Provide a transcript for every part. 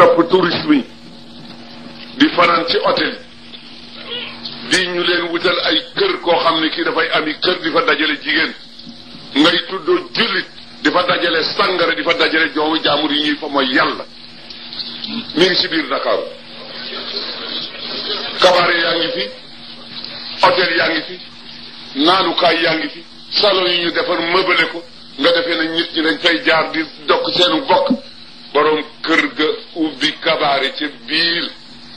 topp tourisme yi di fanaan ci hôtel di ñu leen wutal ay kër koo xam ne kii dafay ami kër di fa dajale jigéen ngay tuddoo jullit di fa dajale sàngara di fa dajale joomu jaamur yi ñuy fa mooy yàlla mu ngi ci biir Ndakaaru kabaare yaa ngi fi hôtel yaa ngi fi naanukaay yaa ngi fi salon yi ñu defar mëbale ko nga defe na nit ñi dañ fay jaar di dokk seenu bokk borom kër ga ubbi kabaare ca biir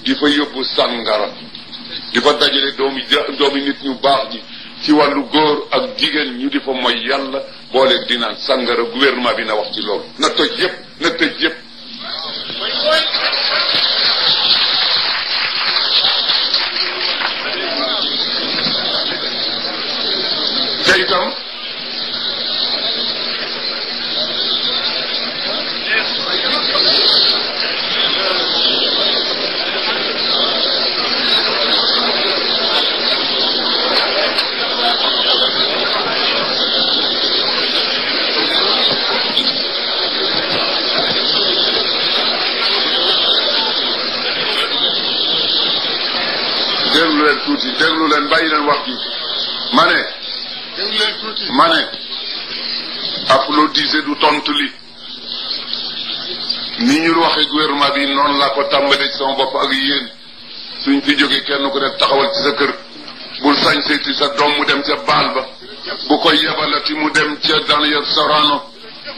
di fa yóbbu sàngara di fa dajale doomi doomi nit ñu baax ñi ci wàllu góor ak jigéen ñu di fa mooy yàlla booleen dinaan naan sàngara gouvernement bi na wax ci loolu na toj yëpp na tëj yëpp ma ne du tontu li ni ñu waxee gouvernement bi noonu laa ko tàmbalee ci sama bopp ak yéen suñ fi jógee kenn ku ne taxawal ci sa kër bul sañsee sa doom mu dem ca baal ba bu ko yebalati mu dem ca Daniel Sorano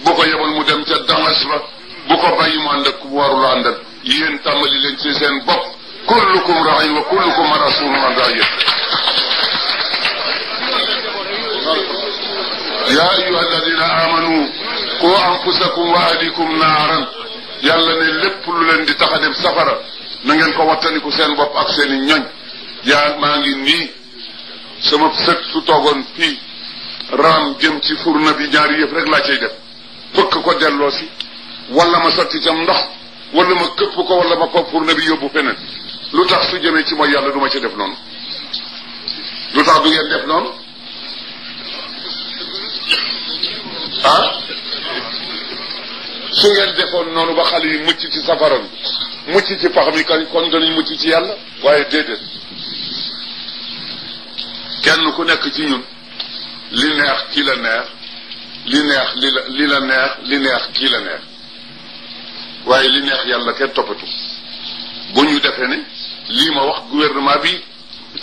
bu ko yebal mu dem ca Damas ba bu ko bàyyi mu ànd ak ku warul àndal yéen tàmbali leen ci seen bopp kullukum ra'in wa kullukum rasulun an ra'iyatihi yaa ayyuha alladina amanu qu anfusakum wa ahlikum naaran yàlla ne lépp lu leen di tax a dem safara na ngeen ko wattaniku seen bopp ak seen i ñoñ yaa maa ngi nii sama sët su toogoon fii raam jëm ci furna bi ñaari yëf rek laa cay def fëkk ko delloo si wala ma sotti cam ndox wala ma këpp ko wala ma ko furna bi yóbbu feneen lu tax su jëmee ci mooy yàlla duma ci def noonu lu tax du ngeen def noonu ah su ngeen defoon noonu ba xale yi mucc ci safara bi mucc ci pax mi kon kon danañ mucc ci yàlla waaye déedéet kenn ku nekk ci ñun li neex ki la neex li neex li la li la neex li neex kii la neex waaye li neex yàlla kenn toppatu bu ñu defee ni lii ma wax gouvernement bi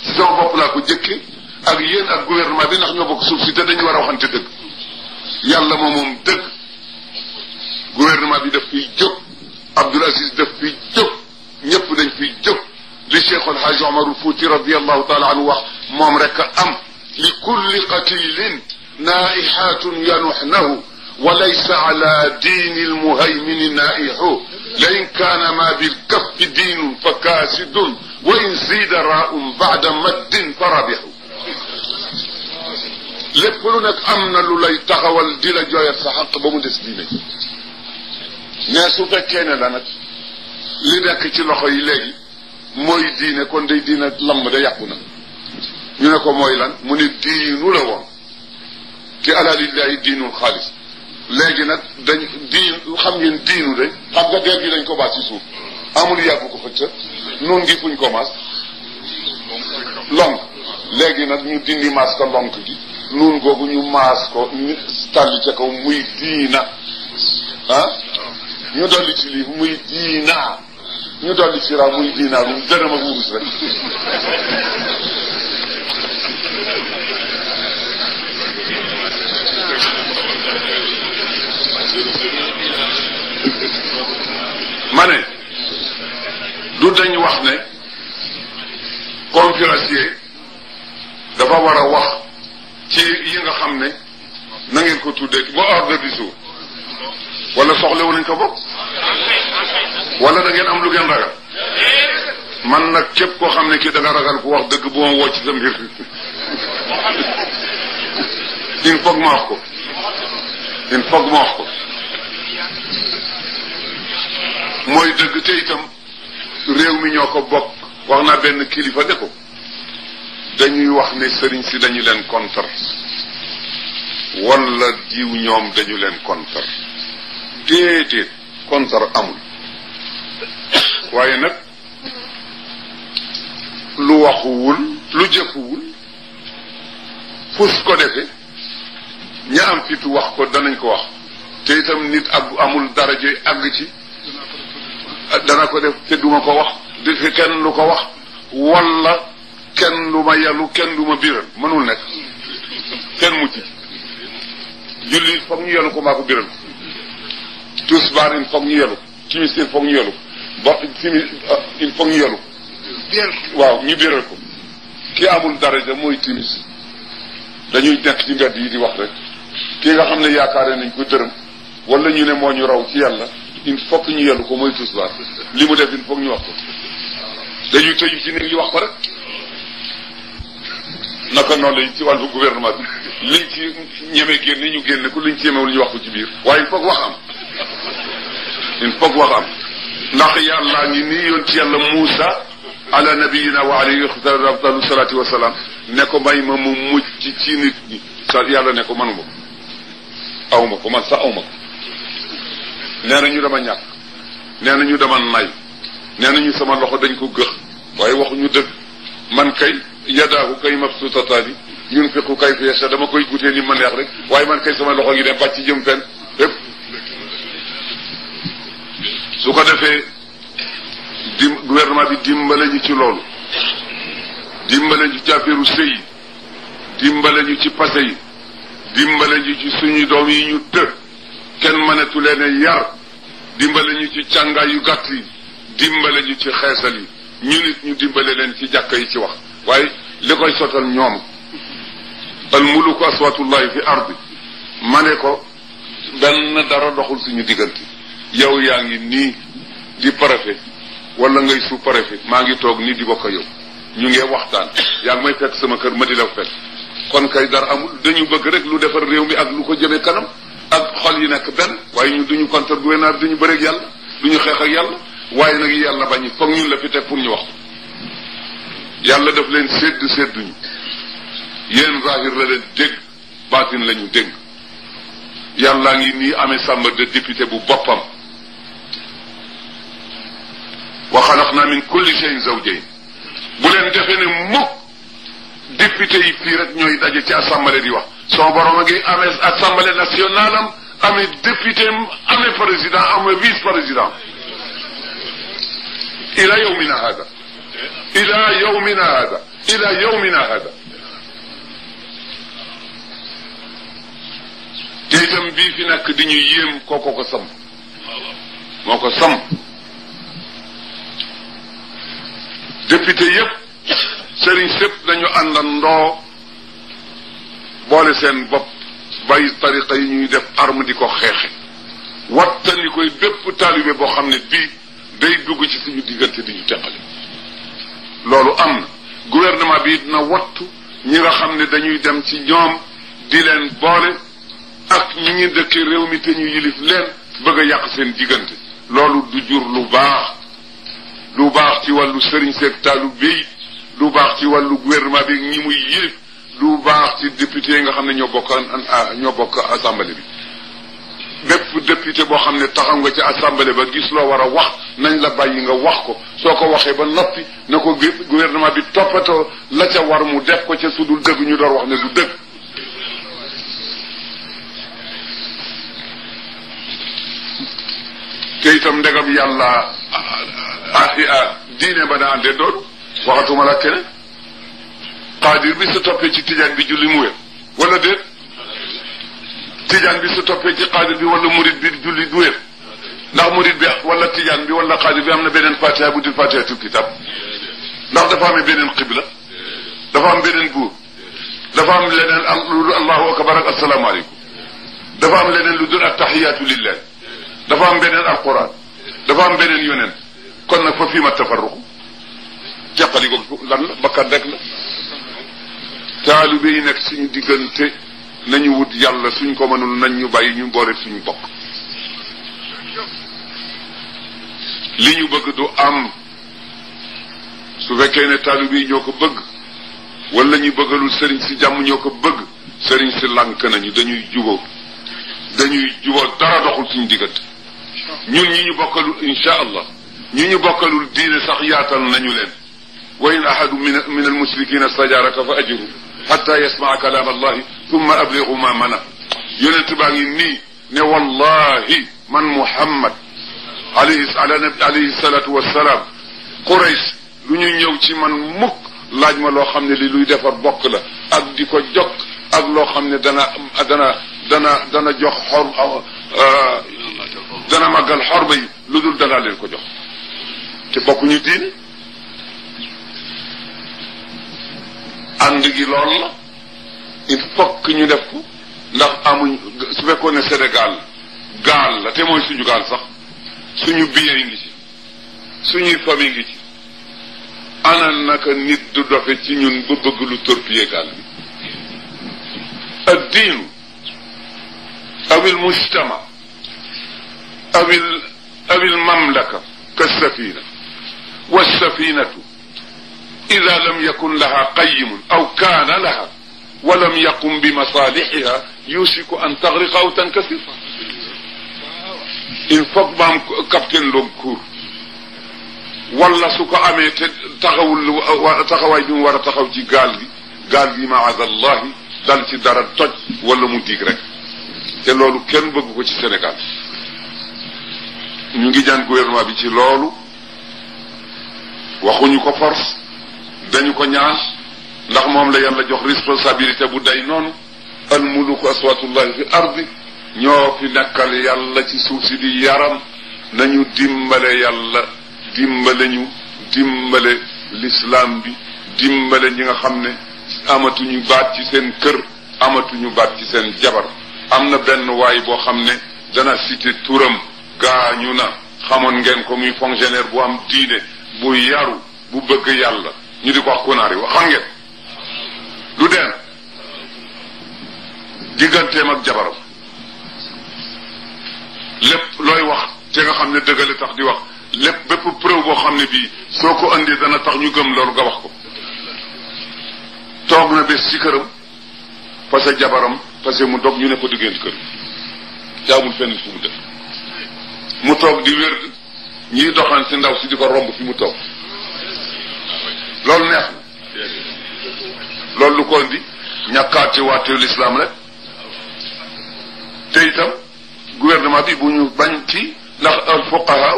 ci sama bopp laa ko jëkke ak yéen ak gouvernement bi ndax ñoo bokk suuf si te dañu war a waxante dëgg yàlla moom moom dëgg gouvernement bi daf fiy jóg Abdoul Aziz daf fiy jóg ñëpp dañ fiy jóg li Cheikh El Hadj Omarul Fouti radiallahu taala anhu wax moom rek am li kulli qatilin naihatun yanuxnahu وليس على دين المهيمن نائح لئن كان ما بالكف دين فكاسد وإن زيد راء بعد مد فر loolu nag am na lu lay taxawal di la jooyat sa xaq ba mu des diine mais su fekkee ne la nag li nekk ci loxo yi léegi mooy diine kon day diine lamb de yàqu na ñu ne ko mooy lan mu ne diinu la woon ci alalillahi diinul xaalis léegi nag dañ diin xam ngeen diinu de xam nga der gi dañ ko baat ci suuf amul yàgg ko xëcca noonu ngi fuñ ko maas lonk léegi nag ñu dindi maas ka lonk gi nuun googu ñu maas ko ñu tàll ca ko muy diina ah ñu dolli ci lii muy diina ñu dolli ci ra muy diina lu rek ma ne du dañ wax ne conférencier dafa war a wax yi yi nga xam ne na ngeen ko tuddee ba ordre du jour wala soxla wu nañ ko bopp wala da ngeen am lu ngeen ragal man nag képp koo xam ne kii da nga ragal ku wax dëgg bu ma woo ci sa mbir il faut ma wax ko il faut ma wax ko mooy dëgg te itam réew mi ñoo ko bokk wax naa benn kilifa de ko dañuy wax ne sëriñ si dañu leen contre wala diw ñoom dañu leen contre déedéet contre amul waaye nag lu waxuwul lu jëfuwul fus ko defe ña am fitu wax ko danañ ko wax te itam nit ak amul dara joy àgg ci dana ko def te ko wax defe kenn lu ko wax wala kenn du ma yellu kenn du ma biral mënul nekk kenn mucc julli foog ñu yellu ko maa ko biral ko tisbaar il foog ñu yellu timis euh, ñu yellu ba timis il waaw ñu biral ko ki amul daraja mooy timis dañuy nekk ci mbedd yi di wax rek ki nga xam ne yaakaare nañ ko dërëm wala ñu ne moo ñu raw ci yàlla il faut ñu yellu ko mooy tisbaar li mu def il faut ñu wax ko dañuy tëju ci néeg yi wax ko rek naka noonu lañ ci wàllu gouvernement bi liñ ci ñemee génne ñu génne ko liñ ci ñemewul ñu wax ci biir waaye il faut wax am il faut wax am ndax yàllaa ngi nii yoon ci yàlla Muusa ala nabiyina wa alayhi afdalu salaatu wa ne ko may ma mu mucc ci nit ñi yàlla ne ko manuma ko awma ko man sax awma ko nee na ñu dama ñàkk nee na ñu dama nay nee ñu sama loxo dañ ko gëx waaye waxuñu dëgg man kay yadaahu kay mabsuutataani yunfiqu kayfa yasha dama koy guutee ni ma neex rek waaye man kay sama loxo ngi dem bàcc jëm fenn lépp su ko defee dim bi dimbale ñu ci loolu dimbale ñu ci affaire sëy yi dimbale ñu ci passé yi dimbale ñu ci suñu doom yi ñu të kenn mënatu leen yar dimbale ñu ci càngaay yu gàtt yi dimbale ñu ci xeesal yi ñu nit ñu dimbale leen ci jàkk yi ci wax waaye li koy sotal ñoom al muluku aswatullahi fi ardi ma ne ko benn dara doxul suñu diggante yow yaa ngi nii di préfet wala ngay sous préfet maa ngi toog nii di bokk yow ñu ngee waxtaan yaa ngi may fekk sama kër ma di la fekk kon kay dara amul dañu bëgg rek lu defar réew mi ak lu ko jëmee kanam ak xol yi nekk benn waaye ñu duñu contre gouvernement duñu bëreeg yàlla duñu xeex ak yàlla waaye nag yàlla bañ foog ñun la fi teg pour ñu wax yàlla daf leen sédd sédduñu yéen zahir la leen dégg baatin la ñu dégg yàllaa ngi nii amee sàmm de député bu boppam wa xalaqna min kulli shay'in zawjayn bu leen defee ne mukk député yi fii rek ñooy daje ci assemblée di wax son borom a ngi amee assemblée nationale am amee député am amee président amee vice président ila yawmina hada الى يومنا هذا الى يومنا هذا te itam bii fi nekk di ñu yéem kooko ko sam moo ko sam député yépp sëriñ sépp dañu àndandoo boole seen bopp bàyyi tariqa yi ñuy def arme di ko xeexe wattani koy bépp taalibe boo xam ne bii day dugg ci suñu diggante di ñu teqale loolu am na gouvernement bi na wattu ñi nga xam ne dañuy dem ci ñoom di leen boole ak ñi ngi dëkk réew mi te ñu yilif leen bëgg a yàq seen diggante loolu du jur lu baax lu baax ci wàllu sëriñ seeg talu bi lu baax ci wàllu gouvernement bi ñi muy yilif lu baax ci député nga xam ne ñoo bokk ñoo bokk assemblée bi bépp député boo xam ne taxaw nga ci assemblée ba gis loo war a wax nañ la bàyyi nga wax ko soo ko waxee ba noppi na ko gouvernement bi toppatoo la ca war mu def ko ca su dul dëgg ñu door wax ne du dëgg te itam ndegam yàlla ah, ah, ah, ah diine ba na àndee doon waxatuma la keneen xaadir bi sa toppee ci tijaan bi julli mu wér wala déet tijaan bi su toppee ci xaadir bi wala murid bi julli du wér ndax murid bi wala tijaan bi wala xaadir bi am na beneen fatiha bu dul fatihatul kitab ndax dafa amee beneen xibla dafa am beneen góor dafa am leneen am lu dul allahu akbar ak asalaamaaleykum dafa am leneen lu dul attaxiyaatu lillahi dafa am beneen alquran dafa am beneen yoneen kon nag fa fii ma tafarruqu jàqali ko lan la bakkat rek la taalu bi yi nekk suñu diggante nañu wut yàlla suñ ko mënul nañ ñu bàyyi ñu boole suñu bopp li ñu bëgg du am su fekkee ne taalib yi ñoo ko bëgg wala ñu bëggalul sëriñ si jàmm ñoo ko bëgg sëriñ si lànk nañu dañuy juboo dañuy juboo dara doxul suñ diggante ñun ñi ñu bokkalul insha allah ñi ñu bokkalul diine sax yaatal nañu leen wa in ahadu min min almushrikina stajaraka fa ajiru حتى يسمع كلام الله ثم أبلغ ما منا يونت باغي ني والله من محمد عليه الصلاه عليه الصلاه والسلام قريش لو ني نيو سي من موك لاج ما لو خامني لي لوي ديفار بوك لا اك دنا دنا دنا دنا خامني دانا دانا دانا دانا جوخ حرب دنا دانا ماغال حرب لودول دانا لين كو جوخ تي بوكو ني ديني ànd gi lool la il faut que ñu def ko ndax amuñ su fekkoon ne Sénégal gaal la te mooy suñu gaal sax suñu biyee ngi ci suñuy famille ngi ci ana naka nit du doxe ci ñun ba bëgg lu torpiller gaal bi الدين أو المجتمع أو, أو المملكة كالسفينة والسفينة إذا لم يكن لها قيم أو كان لها ولم يقم بمصالحها يوشك أن تغرق أو تنكسر إن فضب كابتن لنكور ولا سوك أمي تغوى جنوار تغوى جي قال قال لي معاذ الله دال دار توج ولا مو ديك رك تي لولو كين بغوكو سي سينيغال نيغي جان غوفرنمان بي سي لولو واخو نيو كو فورس dañu ko ñaan ndax moom la yàlla jox responsabilité bu day noonu al muluku aswatullahi fi ardi ñoo fi nekkal yàlla ci suuf si di yaram nañu dimbale yàlla dimbale ñu dimbale l'islam bi dimbale ñi nga xam ne amatuñu baat ci seen kër amatuñu baat ci seen jabar am na benn waay boo xam ne dana cité turam gaañu na xamoon ngeen ko muy fonctionnaire bu am diine bu yaru bu bëgg yàlla ñu di ko wax konaari wax xam ngeen lu dee digganteem ak jabaram lépp looy wax te nga xam ne dëggale tax di wax lépp bépp preuve boo xam ne bii soo ko andi dana tax ñu gëm loolu nga wax ko toog na bés ci këram parce que jabaram parce que mu dog ñu ne ko diggante kër jaamul fenn fu mu def mu toog di wér ñiy doxaan si ndaw si di ko romb fi mu toog loolu lu ko indi ñàkkaat ci wàttu lislaam rek te itam gouvernement bi bu ñu bañ ci ndax al fuqahaa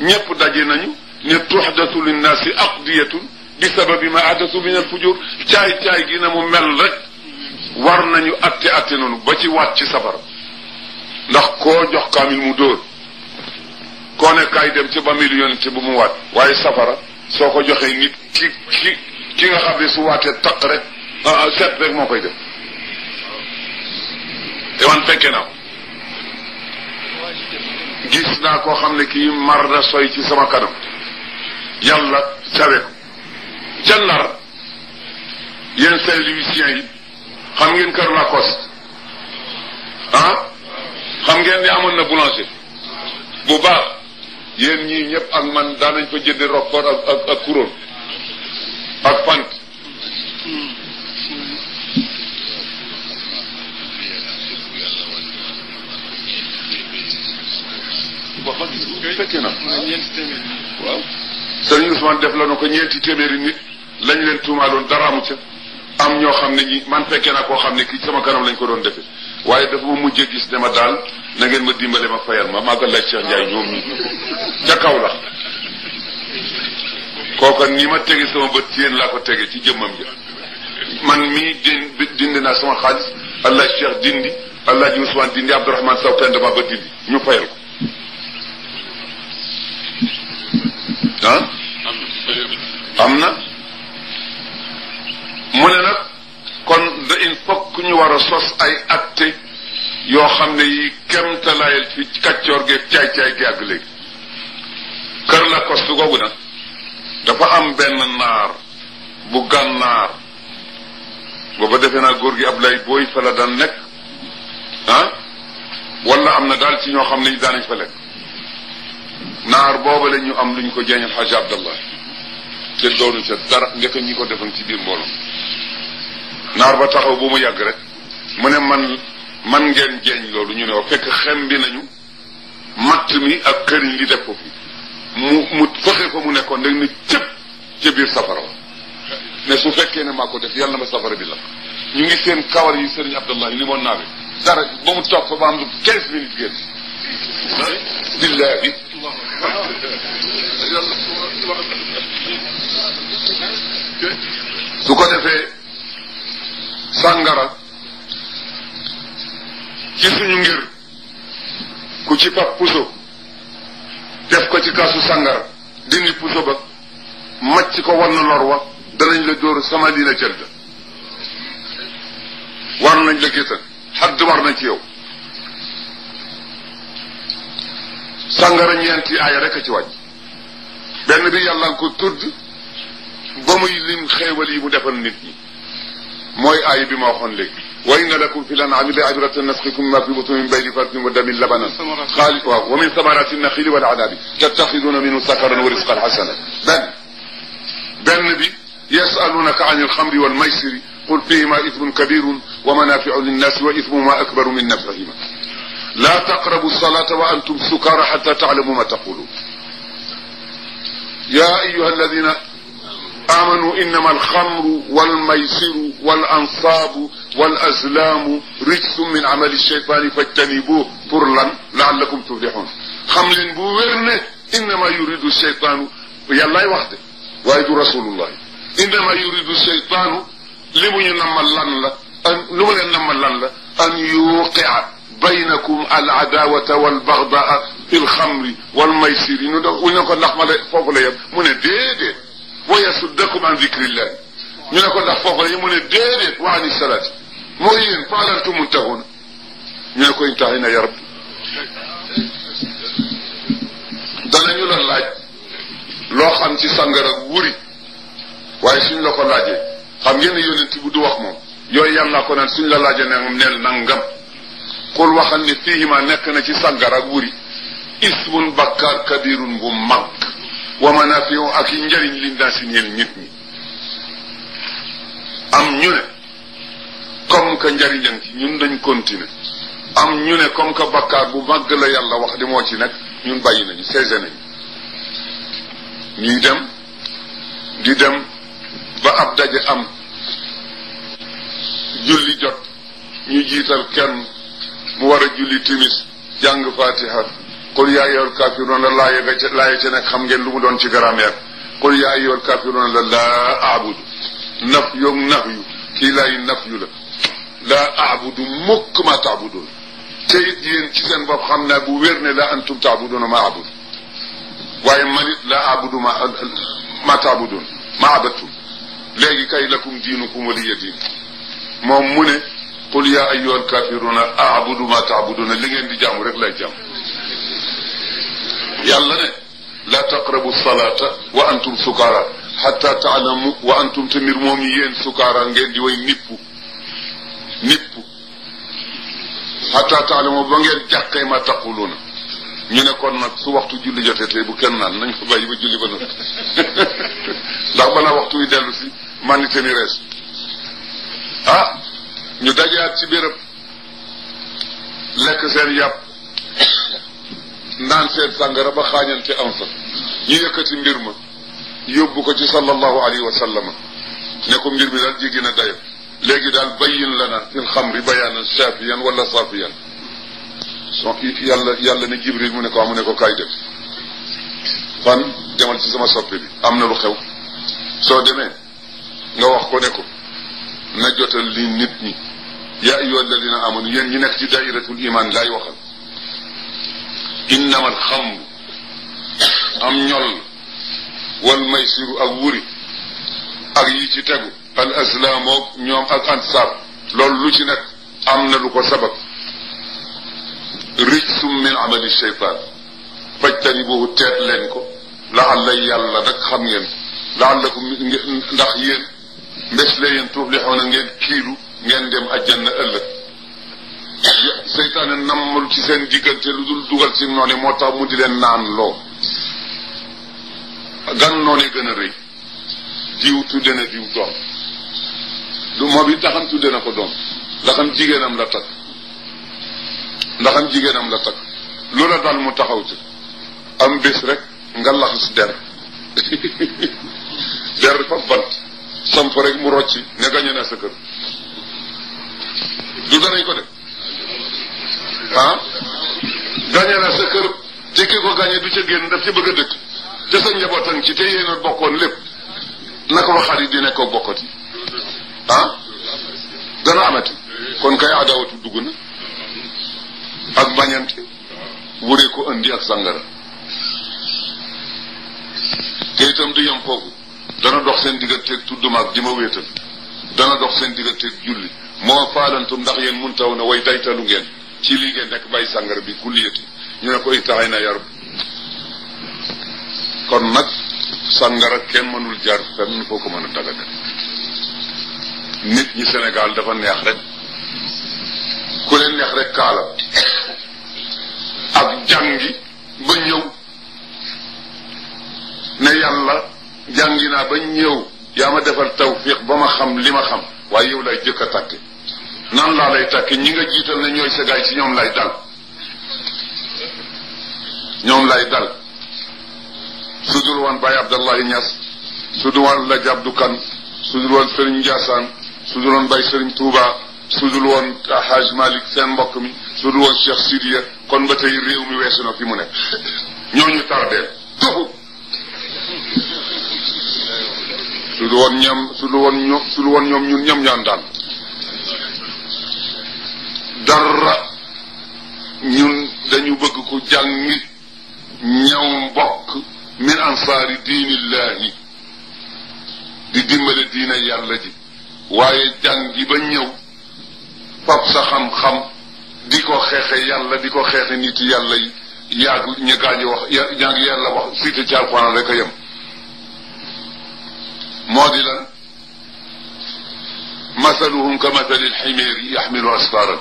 ñépp daje nañu ne tuxdatu linnaasi aqdiyatun bi sababi ma ahdasu min al fujur caay caay gi na mu mel rek war nañu atte atte noonu ba ci wàcc ci safara ndax koo jox kaamil mu dóor koo ne kaay dem ci ba million ci bu mu waat waaye safara soo ko joxee nit ki ki ki nga xam su waatee taq rek Ah, ah, seet rek moo koy def te man fekke naa ko gis naa koo xam ne kii mar na soy ci sama kanam yàlla sawe ko ca Ndar yéen Saint-Louisien yi xam ngeen kër Lacoste ah xam ngeen ni amoon na boulanger bu baax yéen ñii ñëpp ak man daanañ fa jënd rokkoor ak ak couronne ak pant fekkee na waaw sëriñ Ousmane def la na ko ñeenti téeméeri nit lañ leen tuumaaloon dara amu ca am ñoo xam ne ñi man fekkee naa koo xam ne kii sama kanam lañ ko doon defee waaye dafa mu mujjee gis ne ma daal na ngeen ma dimbale ma fayal ma maa ko laaj Cheikh Ndiaye ñoom ñi ca kaw la kooka ni ma tege sama bët ci yéen laa ko tege ci jëmmam ja man mii dindi naa sama xaalis allah Cheikh dindi allah ji Ousmane dindi Abdourahmane Sow dama ba dindi ñu fayal ko am na mu ne nag kon da in fokk ñu war a sos ay atte yoo xam ne yi kemtalaayal fi kaccoor geeg caay-caay gi àgg léegi kër la kost googu nag dafa am benn naar bu gànnaar booba defe naa góor gi Ablaye booy fa la daan nekk ah am na daal ci ñoo xam ne yi daanañ fa naar booba la ñu am lu ñu ko jeeñal xaaj abdallah te doonu ca dara njëkk ñi ko defan ci biir mbooloo naar ba taxaw bu mu yàgg rek mu ne man man ngeen jeeñ loolu ñu ne wax fekk xem bi nañu matt mi ak këriñ li def ko fi mu mu fexe fa mu nekkoon rek ne cëpp ca biir safara wa ne su fekkee ne maa ko def yàlla na ma safara bi la ñu ngi seen kawar yi sëriñ abdallah yi naa bi dara ba mu toog fa ba am 15 minutes génn billahi su ko defee sàngara ci suñu ngir ku ci pap def ko ci kaasu sàngara dindi puso ba macc ko wann lor wa danañ la dóor sama lii na jënd war nañ la gétan xadd war na ci yow sangara ñeenti aaya rek ci wàcc benn bi yàlla ko tudd ba muy lim xéewal yi mu defal nit ñi mooy aay bi ma waxoon léegi wa inna lakum fi lanami la ibratan nasqikum ma fi butuni min bayni farsin wa damin labanan khalis wa wa min samarati nakhil wal adabi tattakhiduna minhu sakaran wa rizqan hasana ben ben bi yasalunaka an alxamri walmaysiri qul fihima ithmun kabirun wa manafiu linnas wa ithmuhuma akbaru min nafihima لا تقربوا الصلاة وأنتم سكارى حتى تعلموا ما تقولون يا أيها الذين آمنوا إنما الخمر والميسر والأنصاب والأزلام رجس من عمل الشيطان فاجتنبوه فرلا لعلكم تفلحون خمل بوغرنه إنما يريد الشيطان الله وحده ويد رسول الله إنما يريد الشيطان لمن ينمى لن أن يوقع بينكم العداوة والبغضاء في الخمر والميسر ونقول لك ملأ فوق ليب من الديد ويصدكم عن ذكر الله ونقول لك فوق ليب من الديد وعن الصلاة مرين فعلتم منتهون ونقول انتهينا يا رب dana ñu la laaj loo xam ci sangara wuri waaye suñ la ko laajee xam ngeen ne yonent bi du wax moom yooyu yàlla ko naan suñ la laajee ne neel nangam kul waxal ne fihima nekk na ci sàngar ak wuri ismun bakkaar kabirun bu mag wa manafiu ak yi njariñ li naa si ñeel nit ñi am ñu ne comme que njariñan ci ñun dañ continuer am ñu ne comme que bakkaar bu mag la yàlla wax di moo ci nag ñun bàyyi nañu saisé nañu ñuy dem di dem ba ab daje am julli jot ñu jiital kenn mu war a julli timis jàng fatiha qul yaa ayyuhal kaafiruun la laaye ga ca laaye ca xam ngeen lu mu doon ci grammaire qul yaa ayyuhal kaafiruun la laa aabudu naf yoog naf yu kii laay naf yu la laa aabudu ma taabudun te it ci seen bopp xam naa bu wér ne la antum taabuduna ma aabud waaye la abudu ma ma ma abattum léegi kay waliya diin moom qul yaa ayyuhal kaafiruuna a'budu maa ta'buduuna li ngeen di jaamu rek lay jaam yàlla ne laa taqrabu salaata wa antum sukaara xatta taalamu wa antum tamit moom yéen sukaara ngeen di way nippu nippu xatta taalamu ba ngeen jàqee ma taquluuna ñu ne kon nag su waxtu julli jotee tey bu kenn naan nañ ko bàyyi ba julli ba nag ndax balaa waxtu wi dellu si man ni te ni rees ah ñu dajaat ci béréb lekk seen yàpp naan seen sàngara ba xaañante am fa ñu yëkkati mbir ma yóbbu ko ci sallallahu alayhi wa sallama ne ko mbir mi daal jéggi na dayo léegi daal bayin lana fil xamri bayaanan shafiyan wala safiyan so yàlla yàlla ne jibril mu ne ko amu ne ko kaay dem fan demal ci sama soppi bi am na lu xew soo demee nga wax ko ne ko na jotal li nit ñi يا أيها الذين آمنوا ينجنك دائرة الإيمان لا يوخل إنما الخمر أم نيول والميسر أغوري أغيتي تقو الأسلام نيوم الأنصار لول لجنك أمن لك سبب رجس من عمل الشيطان فاجتنبوه تأت لينكو لعل يالا دك خمين لعلكم نخيين mbés la yéen na ngeen kiilu ngeen dem ajjanna ëllëg seytaane nammalu ci seen diggante lu dul dugal si noonu moo tax mu di leen naan loo gan noonu gën a rëy diw tudde na diw doom du moom ndaxam tudde na ko doom ndaxam jigéenam la takk ndaxam jigéenam la takk lu la dal mu taxaw ci am bés rek nga laxas der der fa bant samp rek mu rocci ne gañe naa sa kër du danañ ko def ah gañe naa sa kër te ko gañe du ca génn daf ci bëgg a dëkk te sa njabootan ci te yéen a bokkoon lépp naka ko xarit di nekk bokkati ah kon kay adawatu dugg na ak bañante wuree ko indi ak sàngara te itam du yem foofu dana dox seen digganteeg tuddumaak di ma wéetal dana dox seen digganteeg julli moo faalantum ndax yéen mun taw na way daytalu ngeen ci lii ngeen nekk bàyyi sàngara bi kulliyati ñu ko itaay na yar kon nag sàngara kenn mënul jaar fenn foo ko mën a dagale nit ñi Sénégal dafa neex rek ku leen neex rek kaala ak jàngi ba ñëw ne yàlla jangina naa ba ñëw ya ma defal tawfiq ba ma xam li ma xam way yow lay jëk a takk nan la lay takk ñi nga jital na ñoy sa gay ci ñom lay dal ñom lay dal sudul wan bay abdallah ñass sudul wan la jabdu Kan sudul wan serigne Sëriñ sudul wan bay serigne touba sudul wan Haj Malik sen mbokk mi sudul wan Cheikh sidia kon ba tay rew mi weesu na fi mu ne ñooñu tardeel doxu su du woon ñoom su du woon ñoom su du woon ñoom ñun ñoom ñaan daan dara ñun dañu bëgg ku jàng ñaw mbokk min ansaari diinillaahi di dimbale diina yàlla ji waaye jàngi ba ñëw fab sa xam-xam di ko xeexe yàlla di ko xeexe nit yàlla yi yaag ña gaañu wax yaag yàlla wax siite ci alxuraan rek a moo di lan masaluhum ka masali lximeeri yaxmilu asfaaran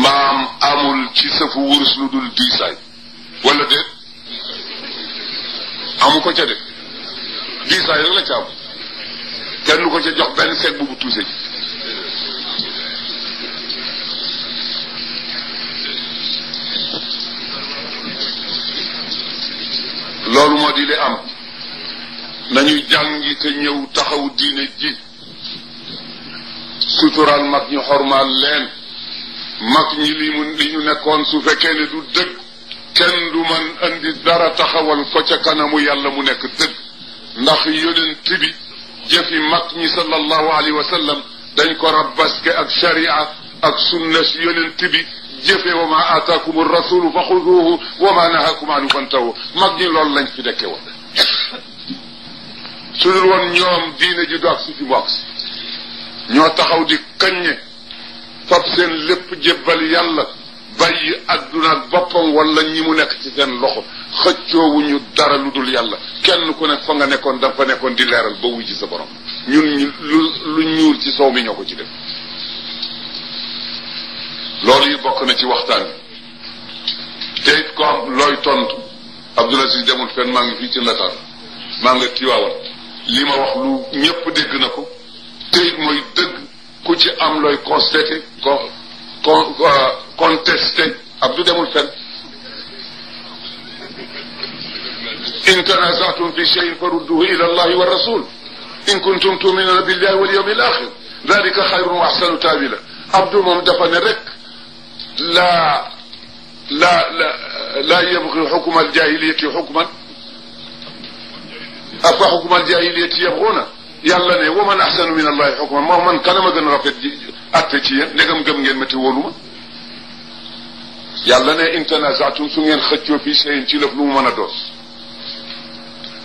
mbaam amul ci sëfu wurus lu dul diisaay wala déet amu ko ca de diisaay rek la ca am kenn du ko ca jox benn seet bu bu tuuse ji loolu moo di le am nañu jàngi te ñëw taxaw diine ji suturaal mag ñu xormaal leen mag ñi li mu li ñu nekkoon su fekkee ne du dëgg kenn du man andi dara taxawal ko ca kanamu yàlla mu nekk dëgg ndax yonent bi jëfi mag ñi sallallahu alayhi wa sallam dañ ko rabbaske ak sharia ak sunna si yonent bi jëfe wa ma aataakum rasulu fa xuduuhu wa ma nahakum anu fantahu mag ñi loolu lañ fi dekke woon su dul woon ñoom diine ji du ak si ji mu ak si ñoo taxaw di kaññe fab seen lépp jébbal yàlla bàyyi adduna ak boppam wala ñi mu nekk ci seen loxo xëccoowuñu dara lu dul yàlla kenn ku ne fa nga nekkoon da fa nekkoon di leeral ba wuy ci sa borom ñun ñu lu lu ñuur ci soow mi ñoo ko ci def loolu yi bokk na ci waxtaan bi te it ko am looy tontu Abdoul Aziz demul fenn maa ngi fii ci Ndakaar maa nga tiwaawan lima wax lu ñëpp dégg na ko te moy mooy dëgg ku ci am loy constaté ko con contesté Abdou demul fen in tanaza'tum fi shay'in farudduhu ila allah wa rasul in kuntum tu'minuna billahi wal yawmil akhir dhalika khayrun wa ahsanu ta'wila Abdou mom dafa ne rek la la la la yabghi hukm al jahiliyati hukman أبا حكم الجاهلية يبغونا يلا نه ومن أحسن من الله حكما ما من كلمة جن رفت أتتيا نجم جم جن متولوا يلا نه إن تنازعتم سمين خطيو في شيء إن تلف نوم من الدرس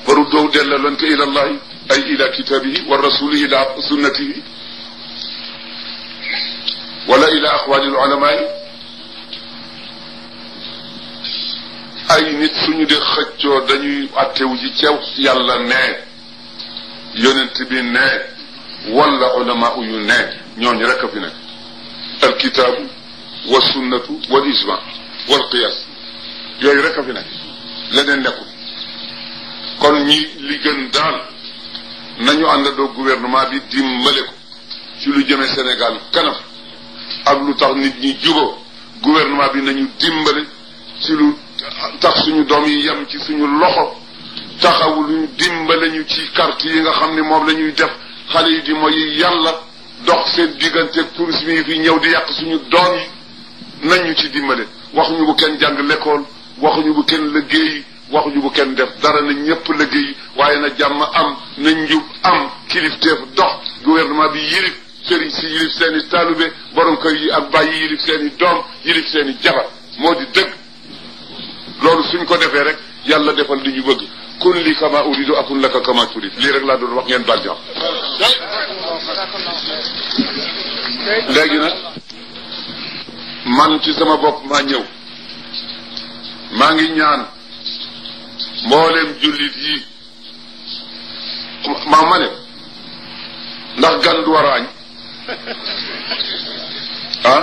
فردوا جل لنك إلى الله أي إلى كتابه ورسوله إلى سنته ولا إلى أخوان العلماء ay nit suñu di xëccoo dañuy attewu ci cew yàlla ne yonent bi ne wala ulama yu ne ñooñu rek a fi nekk alkitaabu wa sunnatu wal ijma wal qiyas yooyu rek a fi nekk leneen nekkul kon ñi li gën daal nañu àndandoo gouvernement bi dimbale ko ci lu jëme Sénégal kanam ak lu tax nit ñi juboo gouvernement bi nañu dimbale ci lu tax suñu doom yi yem ci suñu loxo taxawu luñu dimbale ñu ci carte yi nga xam ni moom la ñuy def xale yi di mooy yàlla dox seen diggante tourisme yi fi ñëw di yàq suñu doom yi nañ ñu ci dimbale waxuñu bu kenn jàng lekkool waxuñu bu kenn liggéey waxuñu bu kenn def dara na ñëpp liggéey waaye na jàmm am nañ ju am kilifteef dox gouvernement bi yilif sëriñ si yilif seen i taalube borom kër yi ak bàyyi yilif seen i doom yilif seen jabar moo di dëgg loolu suñ ko defee rek yàlla defal li ñu bëgg kun li kama uridu akun laka kama turid lii rek laa doon wax ngeen baal ñoom léegi nag man ci sama bopp maa ñëw maa ngi ñaan mboolem jullit yi ma ma ne ndax gan du war a añ ah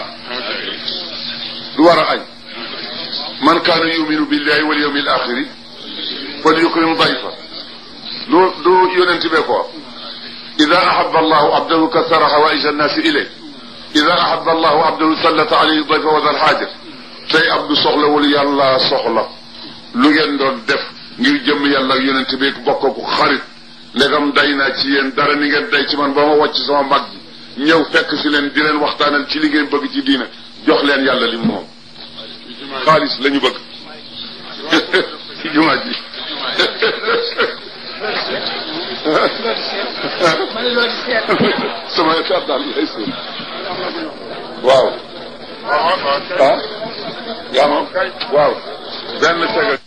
du war a añ من كان يؤمن بالله واليوم الاخر فليكرم ضيفه دو يونتي بكو اذا احب الله عبده كسر حوائج الناس اليه اذا احب الله عبده سلط عليه الضيف وذا الحاجه تي عبد صخله ولي الله صخله لو ген دون ديف غير جيم يالا يونتي بك بوكو خريط لغام داينا سي ين دار ني ген داي سما ماغ نيو فك سي لين دي لين واختانال دينا جوخ لين يالا لي xaalis lañu ñu bëgg ci jumaa ji sama yaakaar daal lay seen waaw ah, ah. ah? yaa moom waaw